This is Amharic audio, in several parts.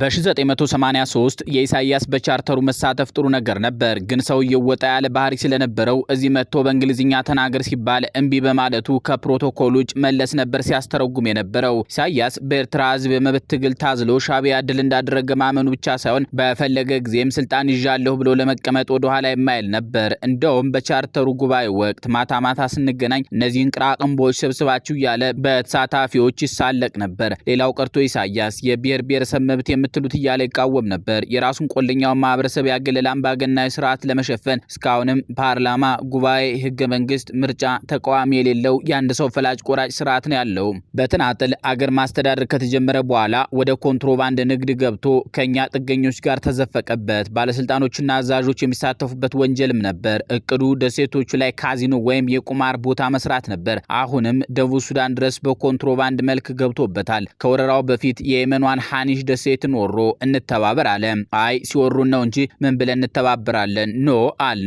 በ1983 የኢሳያስ በቻርተሩ መሳተፍ ጥሩ ነገር ነበር፣ ግን ሰውየው ወጣ ያለ ባህሪ ስለነበረው እዚህ መጥቶ በእንግሊዝኛ ተናገር ሲባል እምቢ በማለቱ ከፕሮቶኮል ውጭ መለስ ነበር ሲያስተረጉም የነበረው። ኢሳያስ በኤርትራ ህዝብ የመብት ትግል ታዝሎ ሻዕቢያ ድል እንዳደረገ ማመኑ ብቻ ሳይሆን በፈለገ ጊዜም ስልጣን ይዣለሁ ብሎ ለመቀመጥ ወደኋላ የማይል ነበር። እንደውም በቻርተሩ ጉባኤ ወቅት ማታ ማታ ስንገናኝ እነዚህን ቅራቅንቦች ሰብስባችሁ እያለ በተሳታፊዎች ይሳለቅ ነበር። ሌላው ቀርቶ ኢሳያስ የብሔር ብሔረሰብ መብት የምትሉት እያለ ይቃወም ነበር። የራሱን ቆለኛውን ማህበረሰብ ያገለለ አምባገናዊ ስርዓት ለመሸፈን እስካሁንም ፓርላማ፣ ጉባኤ፣ ህገ መንግስት፣ ምርጫ፣ ተቃዋሚ የሌለው የአንድ ሰው ፈላጭ ቆራጭ ስርዓት ነው ያለው። በተናጠል አገር ማስተዳደር ከተጀመረ በኋላ ወደ ኮንትሮባንድ ንግድ ገብቶ ከኛ ጥገኞች ጋር ተዘፈቀበት። ባለስልጣኖችና አዛዦች የሚሳተፉበት ወንጀልም ነበር። እቅዱ ደሴቶቹ ላይ ካዚኖ ወይም የቁማር ቦታ መስራት ነበር። አሁንም ደቡብ ሱዳን ድረስ በኮንትሮባንድ መልክ ገብቶበታል። ከወረራው በፊት የየመኗን ሃኒሽ ደሴትን ለምን ወሮ እንተባበር አለ። አይ ሲወሩን ነው እንጂ ምን ብለን እንተባበራለን ኖ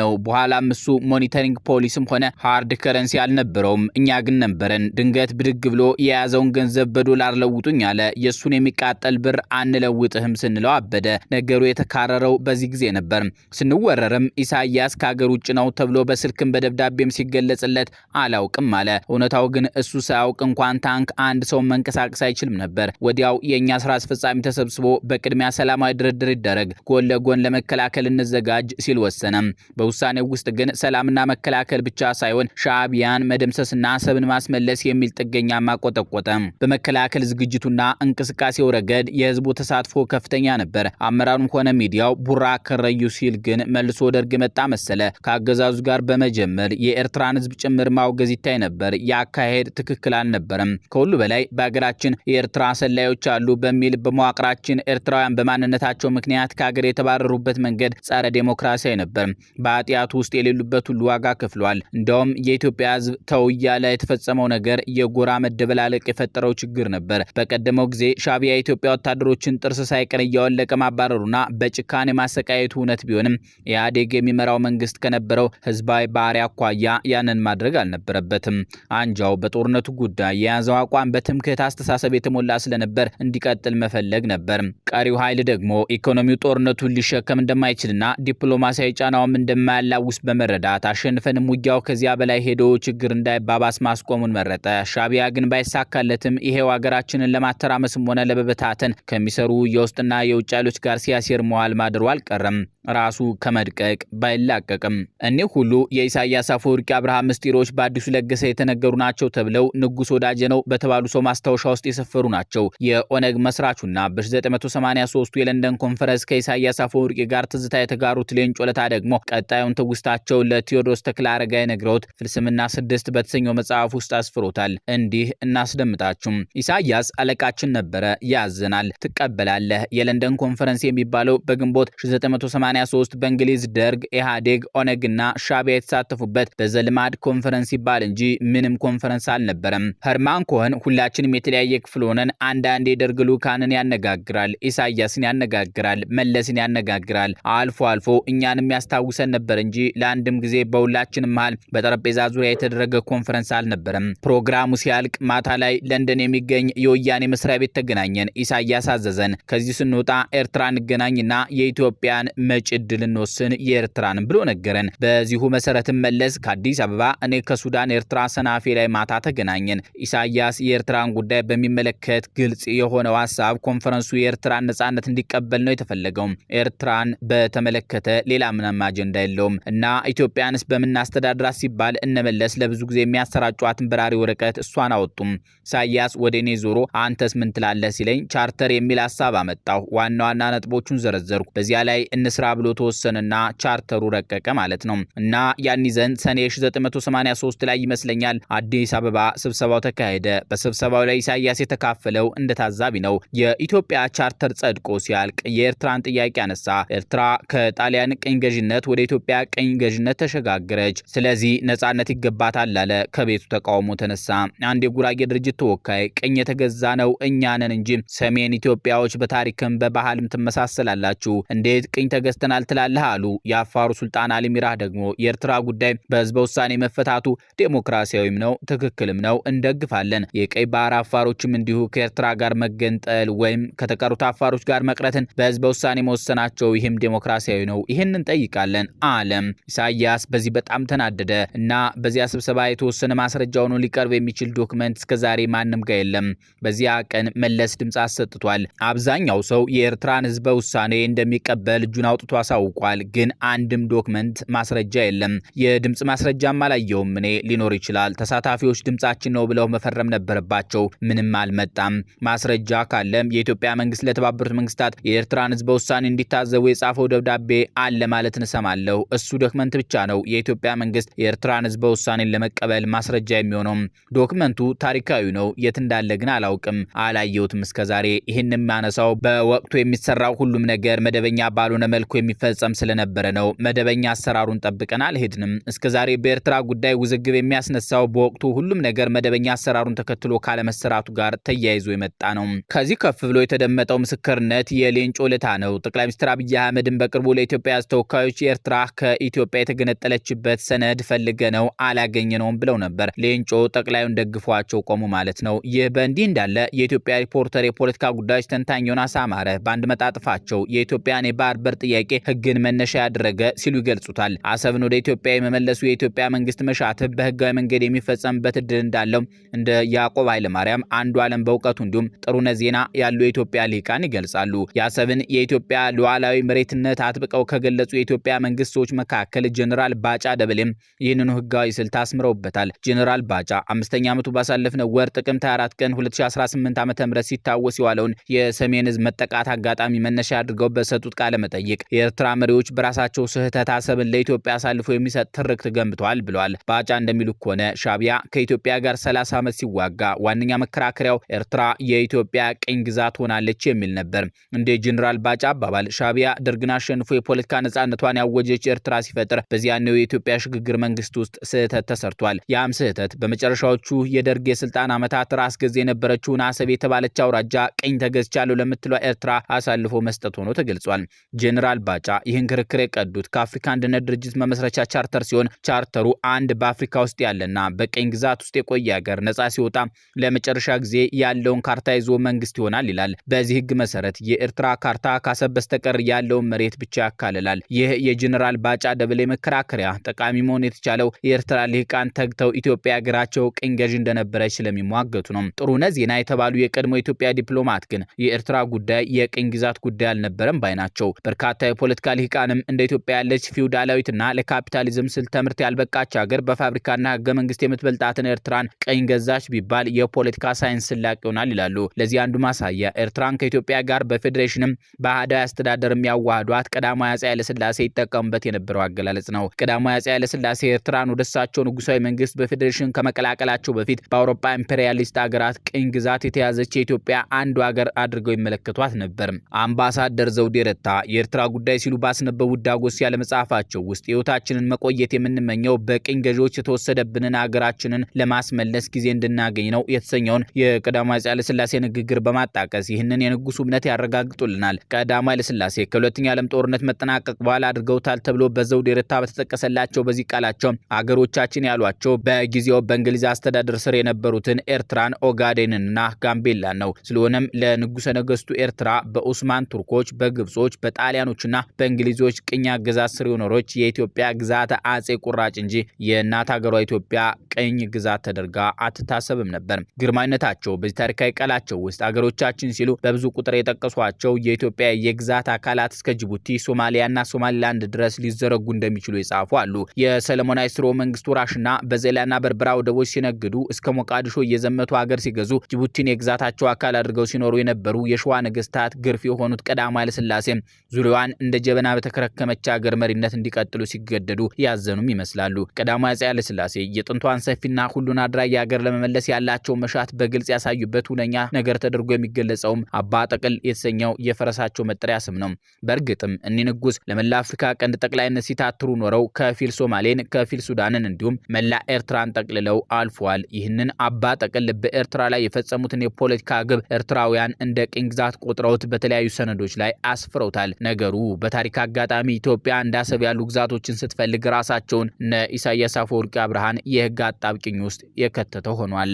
ነው። በኋላም እሱ ሞኒተሪንግ ፖሊስም ሆነ ሃርድ ከረንሲ አልነበረውም፣ እኛ ግን ነበረን። ድንገት ብድግ ብሎ የያዘውን ገንዘብ በዶላር ለውጡኝ አለ። የእሱን የሚቃጠል ብር አንለውጥህም ስንለው አበደ። ነገሩ የተካረረው በዚህ ጊዜ ነበር። ስንወረርም ኢሳያስ ከሀገር ውጭ ነው ተብሎ በስልክም በደብዳቤም ሲገለጽለት አላውቅም አለ። እውነታው ግን እሱ ሳያውቅ እንኳን ታንክ አንድ ሰው መንቀሳቀስ አይችልም ነበር። ወዲያው የእኛ ስራ አስፈጻሚ ተሰብስቦ በቅድሚያ ሰላማዊ ድርድር ይደረግ፣ ጎን ለጎን ለመከላከል እንዘጋጅ ሲል ወሰነ። በውሳኔው ውስጥ ግን ሰላምና መከላከል ብቻ ሳይሆን ሻዕቢያን መደምሰስና አሰብን ማስመለስ የሚል ጥገኛ ማቆጠቆጠ። በመከላከል ዝግጅቱና እንቅስቃሴው ረገድ የህዝቡ ተሳትፎ ከፍተኛ ነበር። አመራሩም ሆነ ሚዲያው ቡራ ከረዩ ሲል ግን መልሶ ደርግ መጣ መሰለ። ከአገዛዙ ጋር በመጀመር የኤርትራን ህዝብ ጭምር ማውገዝ ይታይ ነበር። የአካሄድ ትክክል አልነበረም። ከሁሉ በላይ በሀገራችን የኤርትራ ሰላዮች አሉ በሚል በመዋቅራችን ግን ኤርትራውያን በማንነታቸው ምክንያት ከሀገር የተባረሩበት መንገድ ጸረ ዴሞክራሲያዊ ነበር። በአጢአቱ ውስጥ የሌሉበት ሁሉ ዋጋ ከፍሏል። እንደውም የኢትዮጵያ ሕዝብ ተው እያለ የተፈጸመው ነገር የጎራ መደበላለቅ የፈጠረው ችግር ነበር። በቀደመው ጊዜ ሻቢያ የኢትዮጵያ ወታደሮችን ጥርስ ሳይቀር እያወለቀ ማባረሩና በጭካኔ ማሰቃየቱ እውነት ቢሆንም ኢህአዴግ የሚመራው መንግስት ከነበረው ህዝባዊ ባህሪ አኳያ ያንን ማድረግ አልነበረበትም። አንጃው በጦርነቱ ጉዳይ የያዘው አቋም በትምክህት አስተሳሰብ የተሞላ ስለነበር እንዲቀጥል መፈለግ ነበር። ነበር። ቀሪው ኃይል ደግሞ ኢኮኖሚው ጦርነቱን ሊሸከም እንደማይችልና ዲፕሎማሲያዊ ጫናውም እንደማያላውስ በመረዳት አሸንፈንም ውጊያው ከዚያ በላይ ሄዶ ችግር እንዳይባባስ ማስቆሙን መረጠ። ሻቢያ ግን ባይሳካለትም ይሄው ሀገራችንን ለማተራመስም ሆነ ለመበታተን ከሚሰሩ የውስጥና የውጭ ኃይሎች ጋር ሲያሴር መዋል ማድሮ አልቀረም። ራሱ ከመድቀቅ ባይላቀቅም እኒህ ሁሉ የኢሳያስ አፈወርቂ አብርሃ ምስጢሮች በአዲሱ ለገሰ የተነገሩ ናቸው ተብለው ንጉሥ ወዳጄ ነው በተባሉ ሰው ማስታወሻ ውስጥ የሰፈሩ ናቸው። የኦነግ መስራቹና በ 1983 ቱ የለንደን ኮንፈረንስ ከኢሳያስ አፈወርቂ ጋር ትዝታ የተጋሩት ሌንጮ ለታ ደግሞ ቀጣዩን ትውስታቸውን ለቴዎድሮስ ተክለ አረጋይ ነግረውት ፍልስምና ስድስት በተሰኘው መጽሐፍ ውስጥ አስፍሮታል። እንዲህ እናስደምጣችሁም። ኢሳያስ አለቃችን ነበረ፣ ያዝናል፣ ትቀበላለህ። የለንደን ኮንፈረንስ የሚባለው በግንቦት 1983 በእንግሊዝ ደርግ፣ ኢህአዴግ፣ ኦነግና ሻቢያ የተሳተፉበት በዘልማድ ኮንፈረንስ ይባል እንጂ ምንም ኮንፈረንስ አልነበረም። ሀርማን ኮህን ሁላችንም የተለያየ ክፍል ሆነን አንዳንዴ ደርግ ልኡካንን ያነጋግራል ያነጋግራል፣ ኢሳያስን ያነጋግራል፣ መለስን ያነጋግራል። አልፎ አልፎ እኛንም ያስታውሰን ነበር እንጂ ለአንድም ጊዜ በሁላችንም መሃል በጠረጴዛ ዙሪያ የተደረገ ኮንፈረንስ አልነበረም። ፕሮግራሙ ሲያልቅ ማታ ላይ ለንደን የሚገኝ የወያኔ መስሪያ ቤት ተገናኘን። ኢሳያስ አዘዘን ከዚህ ስንወጣ ኤርትራ እንገናኝና የኢትዮጵያን መጭ እድል እንወስን የኤርትራን ብሎ ነገረን። በዚሁ መሰረትም መለስ ከአዲስ አበባ፣ እኔ ከሱዳን ኤርትራ ሰናፌ ላይ ማታ ተገናኘን። ኢሳያስ የኤርትራን ጉዳይ በሚመለከት ግልጽ የሆነው ሀሳብ ኮንፈረንሱ የኤርትራን ነጻነት እንዲቀበል ነው የተፈለገው። ኤርትራን በተመለከተ ሌላ ምንም አጀንዳ የለውም እና ኢትዮጵያንስ በምናስተዳድራት ሲባል እነመለስ ለብዙ ጊዜ የሚያሰራጯትን በራሪ ወረቀት እሷን አወጡም። ኢሳያስ ወደ እኔ ዞሮ አንተስ ምን ትላለህ ሲለኝ ቻርተር የሚል ሀሳብ አመጣሁ። ዋና ዋና ነጥቦቹን ዘረዘርኩ። በዚያ ላይ እንስራ ብሎ ተወሰነና ቻርተሩ ረቀቀ ማለት ነው እና ያኒ ዘንድ ሰኔ 1983 ላይ ይመስለኛል አዲስ አበባ ስብሰባው ተካሄደ። በስብሰባው ላይ ኢሳያስ የተካፈለው እንደ ታዛቢ ነው። የኢትዮጵያ ቻርተር ጸድቆ ሲያልቅ የኤርትራን ጥያቄ አነሳ። ኤርትራ ከጣሊያን ቅኝ ገዥነት ወደ ኢትዮጵያ ቅኝ ገዥነት ተሸጋገረች። ስለዚህ ነጻነት ይገባታል አለ። ከቤቱ ተቃውሞ ተነሳ። አንድ የጉራጌ ድርጅት ተወካይ ቅኝ የተገዛ ነው እኛንን እንጂ ሰሜን ኢትዮጵያዎች በታሪክም በባህልም ትመሳሰላላችሁ፣ እንዴት ቅኝ ተገዝተናል ትላለህ አሉ። የአፋሩ ሱልጣን አሊሚራህ ደግሞ የኤርትራ ጉዳይ በህዝበ ውሳኔ መፈታቱ ዴሞክራሲያዊም ነው ትክክልም ነው፣ እንደግፋለን። የቀይ ባህር አፋሮችም እንዲሁ ከኤርትራ ጋር መገንጠል ወይም ከተቀ ከቀሩት አፋሮች ጋር መቅረትን በህዝበ ውሳኔ መወሰናቸው ይህም ዴሞክራሲያዊ ነው። ይህን ጠይቃለን አለም ኢሳያስ በዚህ በጣም ተናደደ እና በዚያ ስብሰባ የተወሰነ ማስረጃ ሆኖ ሊቀርብ የሚችል ዶክመንት እስከዛሬ ማንም ጋር የለም። በዚያ ቀን መለስ ድምፅ አሰጥቷል። አብዛኛው ሰው የኤርትራን ህዝበ ውሳኔ እንደሚቀበል እጁን አውጥቶ አሳውቋል። ግን አንድም ዶክመንት ማስረጃ የለም። የድምፅ ማስረጃም አላየውም። እኔ ሊኖር ይችላል። ተሳታፊዎች ድምፃችን ነው ብለው መፈረም ነበረባቸው። ምንም አልመጣም። ማስረጃ ካለም የኢትዮጵያ መንግስት መንግስት ለተባበሩት መንግስታት የኤርትራን ህዝበ ውሳኔ እንዲታዘቡ የጻፈው ደብዳቤ አለ ማለት እንሰማለሁ። እሱ ዶክመንት ብቻ ነው። የኢትዮጵያ መንግስት የኤርትራን ህዝበ ውሳኔን ለመቀበል ማስረጃ የሚሆነው ዶክመንቱ ታሪካዊ ነው። የት እንዳለ ግን አላውቅም፣ አላየሁትም እስከዛሬ። ይህን የሚያነሳው በወቅቱ የሚሰራው ሁሉም ነገር መደበኛ ባልሆነ መልኩ የሚፈጸም ስለነበረ ነው። መደበኛ አሰራሩን ጠብቀን አልሄድንም። እስከዛሬ በኤርትራ ጉዳይ ውዝግብ የሚያስነሳው በወቅቱ ሁሉም ነገር መደበኛ አሰራሩን ተከትሎ ካለመሰራቱ ጋር ተያይዞ የመጣ ነው። ከዚህ ከፍ ብሎ የተደመጠ የሚሰጠው ምስክርነት የሌንጮ ለታ ነው። ጠቅላይ ሚኒስትር አብይ አህመድን በቅርቡ ለኢትዮጵያ ተወካዮች ኤርትራ ከኢትዮጵያ የተገነጠለችበት ሰነድ ፈልገ ነው አላገኘነውም ብለው ነበር። ሌንጮ ጠቅላዩን ደግፏቸው ቆሙ ማለት ነው። ይህ በእንዲህ እንዳለ የኢትዮጵያ ሪፖርተር የፖለቲካ ጉዳዮች ተንታኝ ዮናስ አማረ በአንድ መጣጥፋቸው የኢትዮጵያን የባህር በር ጥያቄ ህግን መነሻ ያደረገ ሲሉ ይገልጹታል። አሰብን ወደ ኢትዮጵያ የመመለሱ የኢትዮጵያ መንግስት መሻትህ በህጋዊ መንገድ የሚፈጸምበት እድል እንዳለው እንደ ያዕቆብ ኃይለማርያም አንዱ አለም በእውቀቱ እንዲሁም ጥሩነት ዜና ያሉ የኢትዮጵያ ልሂቃን ይገልጻሉ። የአሰብን የኢትዮጵያ ሉዓላዊ መሬትነት አጥብቀው ከገለጹ የኢትዮጵያ መንግስቶች መካከል ጀኔራል ባጫ ደበሌም ይህንኑ ህጋዊ ስልት አስምረውበታል። ጀኔራል ባጫ አምስተኛ ዓመቱ ባሳለፍነው ወር ጥቅምት 24 ቀን 2018 ዓ.ም ሲታወስ የዋለውን የሰሜን ህዝብ መጠቃት አጋጣሚ መነሻ አድርገው በሰጡት ቃለ መጠይቅ የኤርትራ መሪዎች በራሳቸው ስህተት አሰብን ለኢትዮጵያ አሳልፎ የሚሰጥ ትርክት ገንብተዋል ብለዋል። ባጫ እንደሚሉ ከሆነ ሻቢያ ከኢትዮጵያ ጋር 30 ዓመት ሲዋጋ ዋነኛ መከራከሪያው ኤርትራ የኢትዮጵያ ቅኝ ግዛት ሆናለች አለች የሚል ነበር። እንደ ጄኔራል ባጫ አባባል ሻቢያ ደርግን አሸንፎ የፖለቲካ ነጻነቷን ያወጀች ኤርትራ ሲፈጥር በዚያኔው የኢትዮጵያ ሽግግር መንግስት ውስጥ ስህተት ተሰርቷል። ያም ስህተት በመጨረሻዎቹ የደርግ የስልጣን ዓመታት ራስ ገዝ የነበረችውን አሰብ የተባለች አውራጃ ቅኝ ተገዝቻለሁ ለምትሏ ኤርትራ አሳልፎ መስጠት ሆኖ ተገልጿል። ጀኔራል ባጫ ይህን ክርክር የቀዱት ከአፍሪካ አንድነት ድርጅት መመስረቻ ቻርተር ሲሆን ቻርተሩ አንድ በአፍሪካ ውስጥ ያለና በቅኝ ግዛት ውስጥ የቆየ ሀገር ነጻ ሲወጣ ለመጨረሻ ጊዜ ያለውን ካርታ ይዞ መንግስት ይሆናል ይላል። በዚህ ህግ መሰረት የኤርትራ ካርታ ካሰብ በስተቀር ያለውን መሬት ብቻ ያካልላል። ይህ የጀኔራል ባጫ ደበሌ መከራከሪያ ጠቃሚ መሆን የተቻለው የኤርትራ ሊቃን ተግተው ኢትዮጵያ ሀገራቸው ቅኝ ገዥ እንደነበረች ስለሚሟገቱ ነው። ጥሩነ ዜና የተባሉ የቀድሞ ኢትዮጵያ ዲፕሎማት ግን የኤርትራ ጉዳይ የቅኝ ግዛት ጉዳይ አልነበረም ባይ ናቸው። በርካታ የፖለቲካ ሊቃንም እንደ ኢትዮጵያ ያለች ፊውዳላዊትና ለካፒታሊዝም ስል ትምህርት ያልበቃች ሀገር በፋብሪካና ህገ መንግስት የምትበልጣትን ኤርትራን ቅኝ ገዛች ቢባል የፖለቲካ ሳይንስ ስላቅ ይሆናል ይላሉ። ለዚህ አንዱ ማሳያ ኤርትራን ከኢትዮጵያ ጋር በፌዴሬሽንም በአህዳዊ አስተዳደር የሚያዋህዷት ቀዳማዊ አጼ ኃይለስላሴ ይጠቀሙበት የነበረው አገላለጽ ነው። ቀዳማዊ አጼ ኃይለስላሴ ኤርትራን ወደ እሳቸው ንጉሳዊ መንግስት በፌዴሬሽን ከመቀላቀላቸው በፊት በአውሮፓ ኢምፔሪያሊስት ሀገራት ቅኝ ግዛት የተያዘች የኢትዮጵያ አንዱ ሀገር አድርገው ይመለከቷት ነበር። አምባሳደር ዘውዴ ረታ የኤርትራ ጉዳይ ሲሉ ባስነበቡት ዳጎስ ያለ መጽሐፋቸው ውስጥ ህይወታችንን መቆየት የምንመኘው በቅኝ ገዢዎች የተወሰደብንን ሀገራችንን ለማስመለስ ጊዜ እንድናገኝ ነው የተሰኘውን የቀዳማዊ ኃይለሥላሴ ንግግር በማጣቀስ ይህንን የንጉሱ እምነት ያረጋግጡልናል። ቀዳማዊ ኃይለሥላሴ ከሁለተኛ ዓለም ጦርነት መጠናቀቅ በኋላ አድርገውታል ተብሎ በዘውድ ረታ በተጠቀሰላቸው በዚህ ቃላቸው አገሮቻችን ያሏቸው በጊዜው በእንግሊዝ አስተዳደር ስር የነበሩትን ኤርትራን፣ ኦጋዴንንና ጋምቤላን ነው። ስለሆነም ለንጉሰ ነገስቱ ኤርትራ በኦስማን ቱርኮች፣ በግብጾች፣ በጣሊያኖችና በእንግሊዞች ቅኝ አገዛዝ ስር የኖረች የኢትዮጵያ ግዛት አጼ ቁራጭ እንጂ የእናት ሀገሯ ኢትዮጵያ ቅኝ ግዛት ተደርጋ አትታሰብም ነበር። ግርማዊነታቸው በዚህ ታሪካዊ ቃላቸው ውስጥ አገሮቻችን ሲሉ በብዙ በብዙ ቁጥር የጠቀሷቸው የኢትዮጵያ የግዛት አካላት እስከ ጅቡቲ፣ ሶማሊያና ሶማሊላንድ ድረስ ሊዘረጉ እንደሚችሉ የጻፉ አሉ። የሰለሞናዊ ስርወ መንግስቱ ራሽና በዜላና በርበራ ወደቦች ሲነግዱ እስከ ሞቃዲሾ እየዘመቱ ሀገር ሲገዙ ጅቡቲን የግዛታቸው አካል አድርገው ሲኖሩ የነበሩ የሸዋ ነገስታት ግርፍ የሆኑት ቀዳማዊ ኃይለ ሥላሴ ዙሪያዋን እንደ ጀበና በተከረከመች ሀገር መሪነት እንዲቀጥሉ ሲገደዱ ያዘኑም ይመስላሉ። ቀዳማዊ አፄ ኃይለ ሥላሴ የጥንቷን ሰፊና ሁሉን አድራጊ ሀገር ለመመለስ ያላቸው መሻት በግልጽ ያሳዩበት ሁነኛ ነገር ተደርጎ የሚገለጸውም አባ የተሰኘው የፈረሳቸው መጠሪያ ስም ነው። በእርግጥም እኒ ንጉስ ለመላ አፍሪካ ቀንድ ጠቅላይነት ሲታትሩ ኖረው ከፊል ሶማሌን፣ ከፊል ሱዳንን እንዲሁም መላ ኤርትራን ጠቅልለው አልፏል። ይህንን አባ ጠቅል በኤርትራ ላይ የፈጸሙትን የፖለቲካ ግብ ኤርትራውያን እንደ ቅኝ ግዛት ቆጥረውት በተለያዩ ሰነዶች ላይ አስፍረውታል። ነገሩ በታሪክ አጋጣሚ ኢትዮጵያ እንዳሰብ ያሉ ግዛቶችን ስትፈልግ ራሳቸውን እነ ኢሳያስ አፈወርቂ አብርሃን የህግ አጣብቂኝ ውስጥ የከተተው ሆኗል።